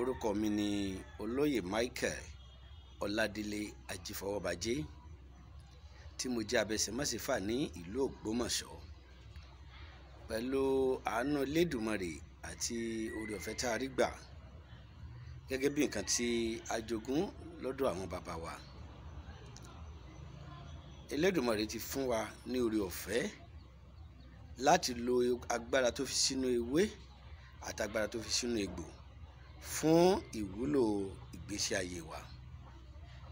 orúkọ mi ni olóyè Michael Ọládélé Ajífọwọ́bajé tí mo jẹ́ abẹsẹ̀másífà ní ìlú Ògbómọ̀ṣọ́ pẹ̀lú àánú Elédùmarè àti oore ọ̀fẹ́ tá a rí gbà gẹ́gẹ́ bí nǹkan tí a jogún lọ́dọ̀ àwọn bàbá wa Elédùmarè ti fún wa ní oore ọ̀fẹ́ láti lo agbára tó fi sínú ewé àtagbára tó fi sínú egbò fún ìwúlò ìgbésí ayé wa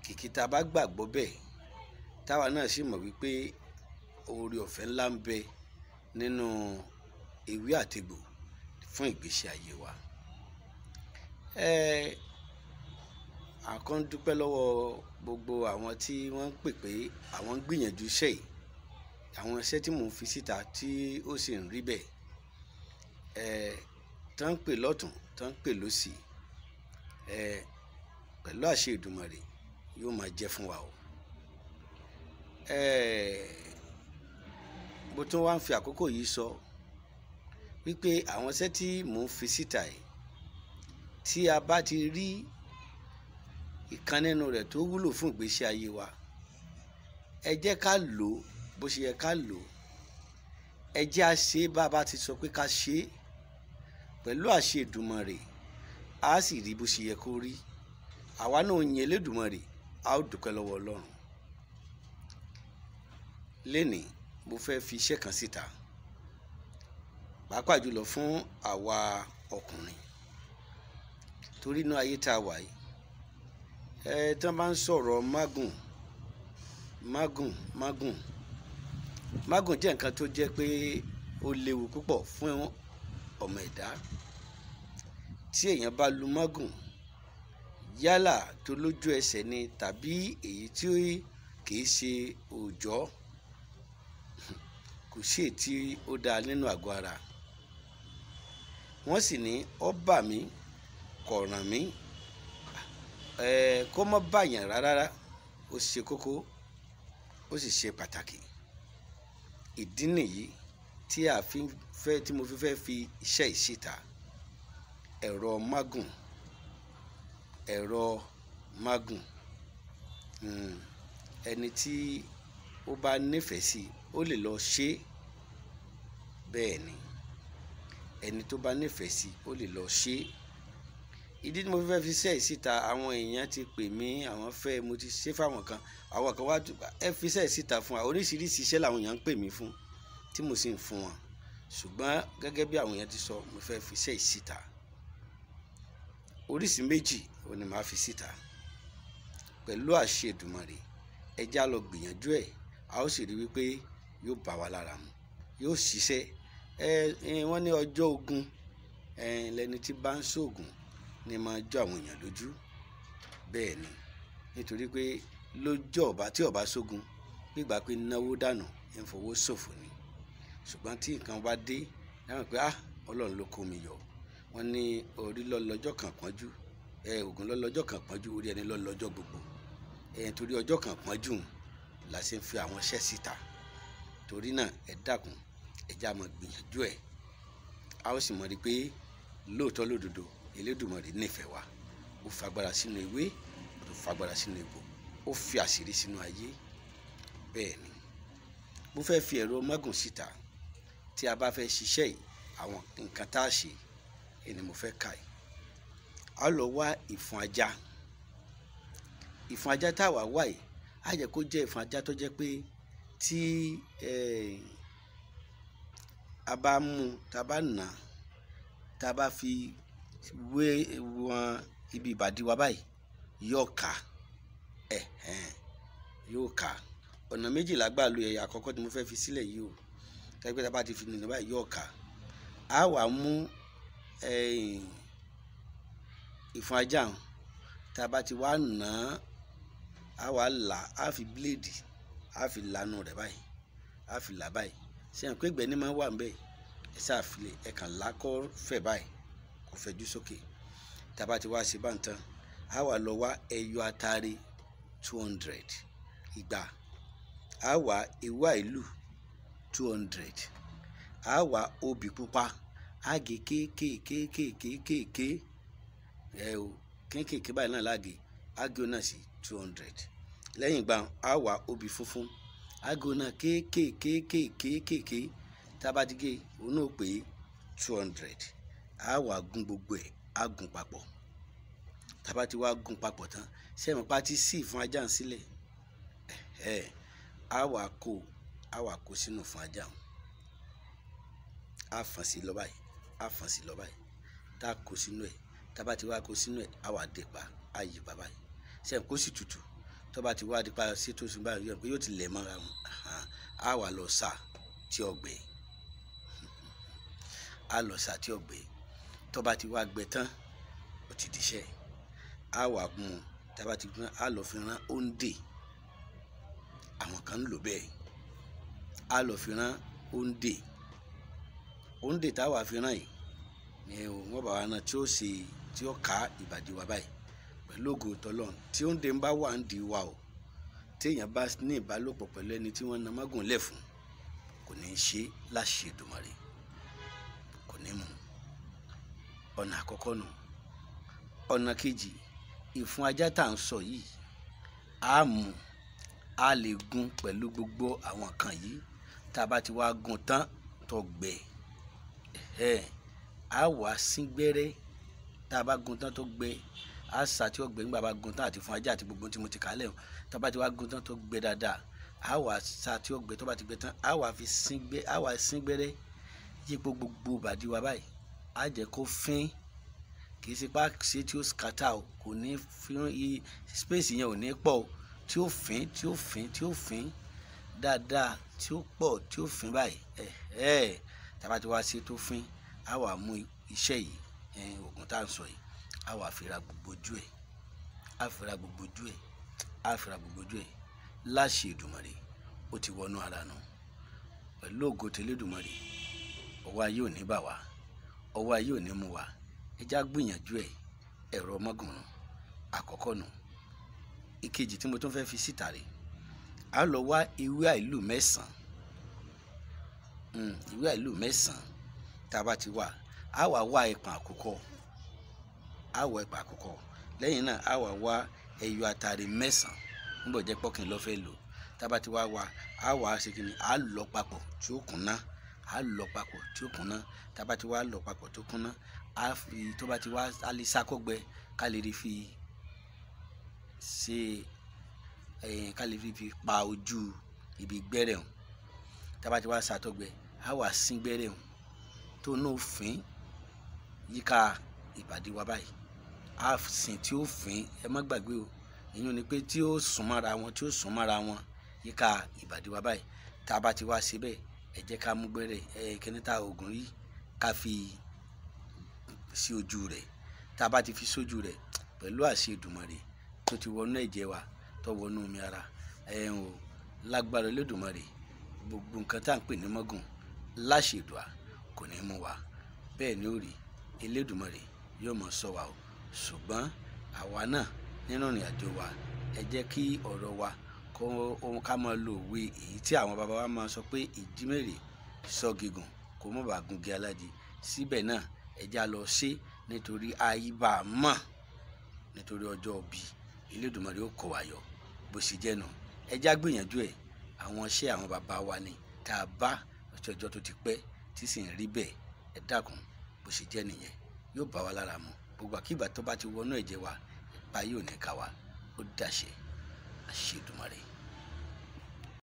kìkì tá a bá gbàgbọ́ bẹ́ẹ̀ táwa náà sì mọ̀ wípé oore ọ̀fẹ́ ńlá ń bẹ nínú ewé àtegbò fún ìgbésí ayé wa. ẹ àkàn dúpẹ́ lọ́wọ́ gbogbo àwọn tí wọ́n ń pè pé àwọn ń gbìyànjú iṣẹ́ yìí àwọn iṣẹ́ tí mò ń fi síta tí ó sì ń rí bẹ́ẹ̀ tán ń pè lọ́tún tán ń pè lọ́sì ẹ pẹ̀lú àṣẹ Èdùmàrè yóò máa jẹ́ fún wa o ẹ bó tún wá ń fi àkókò yìí sọ wípé àwọn iṣẹ́ tí mò ń fi síta yìí tí a bá ti rí ìkan nínú rẹ̀ tó wúlò fún ìgbésí ayé wa ẹ jẹ́ ká lò ó bó ṣe yẹ ká lò ó ẹ jẹ́ a bá a bá ti sọ pé ká ṣe é pẹ̀lú àṣẹ Èdùmàrè a sì rí bó ṣe yẹ kó rí àwa náà yin Elédùmarè a ó dúpẹ́ lọ́wọ́ Ọlọ́run lénìí mo fẹ́ fi iṣẹ́ kan síta pàápàá jùlọ fún àwa ọkùnrin torí inú ayé tá a wà yìí ẹ tí bá ń sọ̀rọ̀ mágùn mágùn mágùn mágùn jẹ́ nǹkan tó jẹ́ pé ó léwu púpọ̀ fún ọmọ ẹ̀dá tí èèyàn bá lu mágùn yálà tó lójú ẹsẹ̀ ni tàbí èyí tí kìí ṣe òòjọ́ kò sí èyí tí ó dáa nínú àgọ́ ara wọ́n sì ní ó bà mí kò ràn mí kó má bàyàn rárá ó ṣe kókó ó sì ṣe pàtàkì ìdí nìyí tí a fi fẹ́ tí mo fi fẹ́ fi iṣẹ́ ìṣìta ẹ̀rọ magun ẹ̀rọ magun hmm. ẹni tí ó bá nífẹ̀ẹ́ sí ó lè lọ ṣe bẹ́ẹ̀ ni ẹni tó bá nífẹ̀ẹ́ sí ó lè lọ ṣe ìdí tí mo fi fẹ́ fi iṣẹ́ ìṣìta àwọn èèyàn ti pè mí àwọn fẹ́ mo ti ṣe fáwọn kan àwọn kan wá ẹ fi iṣẹ́ ìṣìta fún wa oríṣiríṣi iṣẹ́ làwọn èèyàn ń pè mí fún tí mo sì ń fún wọn ṣùgbọ́n gẹ́gẹ́ bí àwọn èèyàn ti sọ mo fẹ́ fi iṣẹ́ ìsíta oríṣìí méjì òun ni màá fi síta pẹ̀lú àṣẹ Èdùmàrè ẹja lọ gbìyànjú ẹ̀ a ó sì rí wípé yóò bá wa lára mu yóò ṣiṣẹ́ ẹ wọ́n ní ọjọ́ ogun lẹni tí bá ń ṣoògùn ni máa jọ àwọn èèyàn lójú bẹ́ẹ̀ ni nítorí pé lójọ́ ọba tí ọba ṣogun gbígbà pé náwó dànù ń fowó ṣòfò ni ṣùgbọ́n tí nǹkan bá dé dáhùn pé ah ọlọ́run ló kó mi yọ wọ́n ní orí lọ́lọ́jọ́ kan pọ́njú ẹ ògùn lọ́lọ́jọ́ kan pọ́njú orí ẹni lọ́lọ́jọ́ gbogbo ẹ torí ọjọ́ kan pọ́njú la ṣe ń fi àwọn iṣẹ́ síta torí náà ẹ dákun ẹ já mọ gbìyànjú ẹ a ó sì mọ̀ rí pé lóòótọ́ lódodo Elédùmarè nífẹ̀ẹ́ wa ó fi agbára sínú ewé ó fi agbára sínú egbò ó fi àṣírí sínú ayé bẹ́ẹ̀ ni mo fẹ́ fi ẹ̀rọ mágùn síta. Si tí a bá fẹ́ ṣiṣẹ́ yìí àwọn nǹkan tá a ṣe ni mo fẹ́ kà yìí a lọ wá ìfun ajá ìfun ajá tá a wà wá yìí á jẹ́ kó jẹ́ ìfun ajá tó jẹ́ pé tí a bá mú tá a bá nà tá a bá fi wé wọn ibi ìbàdí wa báyìí yóò kà ẹ̀hẹ́n yóò kà ọ̀nà méjìlá gbà lo àkọ́kọ́ tí mo fẹ́ fi sílẹ̀ yìí o tẹ́gbẹ́ tá a bá ti fi nìyẹn báyìí yóò kà á wà mú ìfun ajá hàn tá a bá ti wá nà á á wà là á fi bíléèdì á fi lanu rẹ̀ báyìí á fi là báyìí sẹ́yìn pé gbẹ̀ni máa wà níbẹ̀ ẹ ṣàfilẹ̀ ẹ kàn lákọ́ fẹ̀ báyìí kò fẹ̀jú sókè tá a bá ti wá ṣe bá ń tán á wà lọ wá ẹyọ atare two hundred igba á wà ewé àìlù 200 a àwa obì pupa àgè kéékèèkéékèèkéékèèké ẹ o kéékèèké báyìí náà láàgè àgè náà si 200 lẹ́yìn ìgbà àwa obi funfun àgè náà kéékèèkéékèèkéékèèké tábàdígé òun náà 200 àwa gun gbogbo ẹ̀ agun papọ̀ tába ti wá gun papọ̀ tán sẹ́mi pa ti sí ìfún ajá ń sílẹ̀ ẹ̀ ẹ̀ kò a wà kó sínú fún ajá wọn a fọ́n sí lọ́ba yìí a fọ́n sí lọ́ba yìí tá a kó sínú ẹ̀ tá a bá ti wá kó sínú ẹ̀ a wà dé pa a yí pa báyìí sẹ́yìn kó sì tutù tó ti wá di pa sétò sí báyìí yọ̀ pé yóò ti lẹ̀ mọ́ra wọn a wà lọ sá tí ọgbẹ́ yìí a lọ sàtì ọgbẹ tọba ti wá gbẹ tán ó ti dìṣẹ a wà gún un ti gún a lọ fi rán òǹdè àwọn kan ń lò bẹ́ẹ̀ a lọ fi rán òǹdè òǹdè táwa fi rán yìí ni wọ́n bá wa náà tí ó ṣe tí ó ká ìbàdí wa báyìí pẹ̀lú ògo tọ́lọ́n tí òǹdè ń bá wà ń di wa o téèyàn bá ní ìbálòpọ̀ pẹ̀lú ẹni tí wọ́n na mágùn lẹ̀ fún kò ní í ṣe láṣẹ Èdùmàrè kò ní mú ọ̀nà àkọ́kọ́ nù ọ̀nà kejì ìfun ajá tá à ń sọ yìí á mú a lè gún pẹ̀lú gbogbo àwọn kan yìí tá a bá ti wá gùn tán tó gbẹ ẹ á wá sín gbẹ́rẹ́ tá a bá gùn tán tó gbẹ á sà tí ó gbẹ nígbà bá gùn tán àti fún ajá àti gbogbo tí mo ti kálẹ̀ tá a bá ti wá gùn tán tó gbẹ dáadáa á wá sà tí ó gbẹ tó bá ti gbẹ tán á wá fi sín gbẹ á wá sín gbẹ́rẹ́ yípo gbogbo bàdí wa báyìí á jẹ́ kó fín kì í ṣe pa ṣe tí ó kàtà o kò ní fi space yẹn ò ní pọ̀ o tí ó fín tí ó fín. Tí ó fín dáadáa tí ó pọ̀ tí ó fín báyìí ẹ ẹ tàbá tí wàá ṣe tó fín á wà mú iṣẹ́ yìí oògùn tá à ń sọ yìí á wà fira gbogbo ojú ẹ̀ á fira gbogbo ojú ẹ̀ á fira gbogbo ojú ẹ̀ láṣẹ Èdùmàrè ó ti wọnú ara nù pẹ̀lú ògo tẹlẹ́dùmarè ọwọ́ ayé ò ní bà wá ọwọ́ ayé ò ní mú wa ẹja gbìyànjú ẹ̀ ẹ̀rọ ọmọgùnrún àkọ́kọ́ nù ìkejì tí mo tún fẹ́ fi síta rèé a lọ wá ewé àìlù mẹ́sàn-án hmm, ewé àìlù mẹ́sàn-án tá a bá ti wà á wà wá ìpàn àkùkọ á wà ìpàn àkùkọ lẹ́yìn náà á wà wá ẹyọ àtàrí mẹ́sàn-án níbo jẹ́ pọ́kìn lọ́ fẹ́ lò tá a bá ti wá wá á wà á ṣe kí ni á lọ papọ̀ tí ó kùnà á lọ papọ̀ tí ó kùnà tá a bá ti wá lọ papọ̀ tó kùnà á fi tó bá ti wá á lè ká lè fi ṣe ká lè fi pa ojú ibi gbẹ́rẹ̀ hàn tába ti wá sàtọ́gbẹ́ á wà sín gbẹ́rẹ̀ hàn tó náà fín yíká ìbàdí wa báyìí á sìn tí ó fín ẹ má gbàgbé o èyí ni pé tí ó sùn mọ́ra wọn tí ó sùn mọ́ra wọn yíká ìbàdí wa báyìí tába ti wá ṣe bẹ́ẹ̀ ẹ jẹ́ ká mú gbẹ́rẹ̀ ẹ kíní ta oògùn yìí ká fi sí ojú rẹ̀ tába ti fi sójú rẹ̀ pẹ̀lú àṣẹ Èdùmàrè tó ti wọnú ẹ̀jẹ̀ wa tó wọnú mi ara ẹ̀hún o lágbára Olódùmarè gbogbo nǹkan tá à ń pè ní mọ́gùn láṣẹ̀dùà kò ní mú wa bẹ́ẹ̀ ni ó rí Elédùmarè yóò mọ̀ ṣọ́ wa o ṣùgbọ́n àwa náà nínú ìrìn àjò wa ẹ jẹ́ kí ọ̀rọ̀ wa kó ohun ká máa lo òwe èyí tí àwọn bàbá wa máa sọ pé ìjímèrè sọ gígùn kó mọ̀ bá gungi aládìí síbẹ̀ náà ẹ já lọ ṣe nítorí ayé bá nítorí ọjọ́ bíi Elédùmarè ó kó wa yọ bó ṣe jẹ́ nu ẹja gbìyànjú ẹ̀ àwọn iṣẹ́ àwọn bàbá wa ni tá a bá ọjọ́jọ́ tó ti pẹ́ tí sì ń rí bẹ́ẹ̀ ẹ dákun bó ṣe jẹ́ nìyẹn yóò bá wa lára mu gbogbo àkígbà tó bá ti wọnú ẹ̀jẹ̀ wa báyìí ò ní ká wa ó dàṣẹ àṣẹ